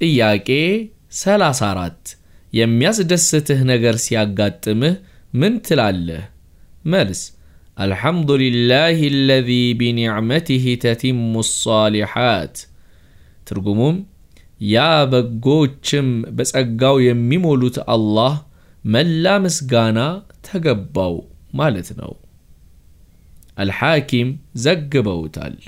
ጥያቄ 34 የሚያስደስትህ ነገር ሲያጋጥምህ ምን ትላለህ? መልስ አልሐምዱሊላህ አለዚ ቢኒዕመቲህ ተቲሙ አሳሊሓት። ትርጉሙም ያ በጎችም በጸጋው የሚሞሉት አላህ መላ ምስጋና ተገባው ማለት ነው። አልሐኪም ዘግበውታል።